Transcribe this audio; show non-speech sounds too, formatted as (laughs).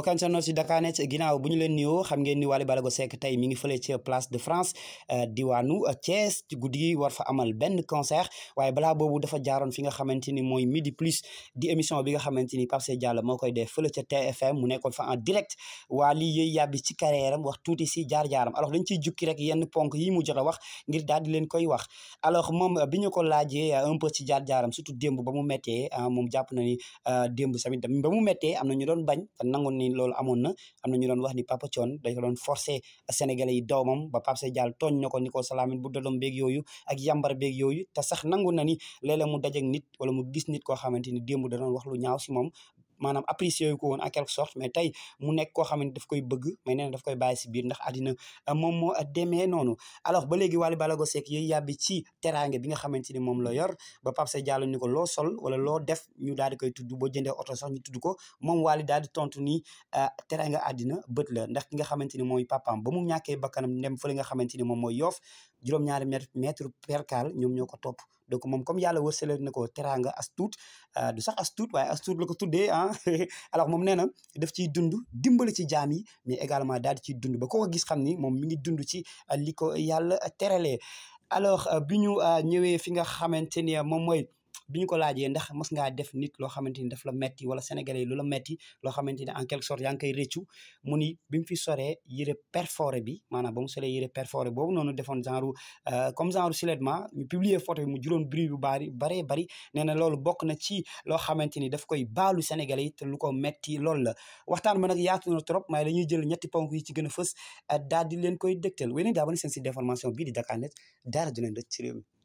mbokk internet si Dakar Net ginnaaw bu ñu leen nuyoo xam ngeen ni Wally Ballago Seck tey mi ngi fële place de France euh, diwaanu euh, Thiès ci guddi war fa amal benn concert waaye balaa boobu dafa jaaroon fi xamante ni mooy midi plus di émission bi nga xamante ni Pape Seye Diallo moo koy def fële ca TFM mu nekkoon fa en waa lii yëy yàbbi ci carrière wax tuuti si jaar-jaaram alors lañ ciy jukki rek yenn ponk yi mu jot a wax ngir daal di leen koy wax alors moom euh, bi ñu ko laajee un peu ci jaar-jaaram surtout démb ba mu méttee ah, moom jàpp na ni démb dam ba mu méttee am na ñu doon bañ ni loolu amoon na am na ñu doon wax ni Papa Thione dañ ko doon forcé sénégalais yi doomam ba Pape Sey Diall tooñ na ko ni ko salaamin bu dalom béeg yooyu ak yàmbar béeg yooyu te sax nangu na ni léeg mu dajek nit wala mu gis nit koo xamante ni démb da wax lu ñaaw si moom maanaam apprécié yu ko woon en quelque sorte mais tey mu nekk koo xam ne daf koy bëgg mais nee na daf koy bàyyi si biir ndax àddina euh, moom moo demee noonu alors ba léegi Wally Ballago Seck yooyu yàbbi ci teraange bi nga xamante ni moom la yor ba Pape Seye Diallo ni ko loo sol wala loo def ñu daal di koy tudd boo jëndee oto sax ñu tuddu ko moom Wally daal di tontu ni euh, teraanga àddina bët la ndax ki nga xamante ni mooy papaam ba mu ñàkkee bakkanam dem fële nga xamante ni moom mooy yoof juróom-ñaari mètre percale ñoom ñoo ko topp donc moom comme yàlla wërsale na ko teraanga as tuut euh, du sax as tuut waaye as tuut la ko tuddee ah (laughs) moom nee na daf ciy dund dimbali ci jaam yi mais également daal di ciy dund ba ko gis xam ni moom mi ngi dund ci euh, li ko yàlla teralee alors euh, bi ñu ñëwee fi nga xamante ni moom mooy bi ñu ko laajee ndax mas ngaa def nit loo xamante ni daf la metti wala sénégalais yi lu la metti loo xamante ni en quelque sorte yaa ngi koy réccu bi mu fi soree yëre perforé bi maanaam ba mu soree yëre perforé boobu noonu defoon genre euh, comme genre soulèvement ñu publier photo mu juróon bruit bu bari baree bari nee na loolu bokk na ci loo xamante ni daf koy baalu sénégalais yi te lu ko metti loolu la waxtaan ma nag yaatu na trop mais dañuy jël ñetti ponk yi ci gën a fës euh, daal leen koy dégtal wéy nañ daa bana seen site d'information bii di Dakarnet daara du leen rëcc ci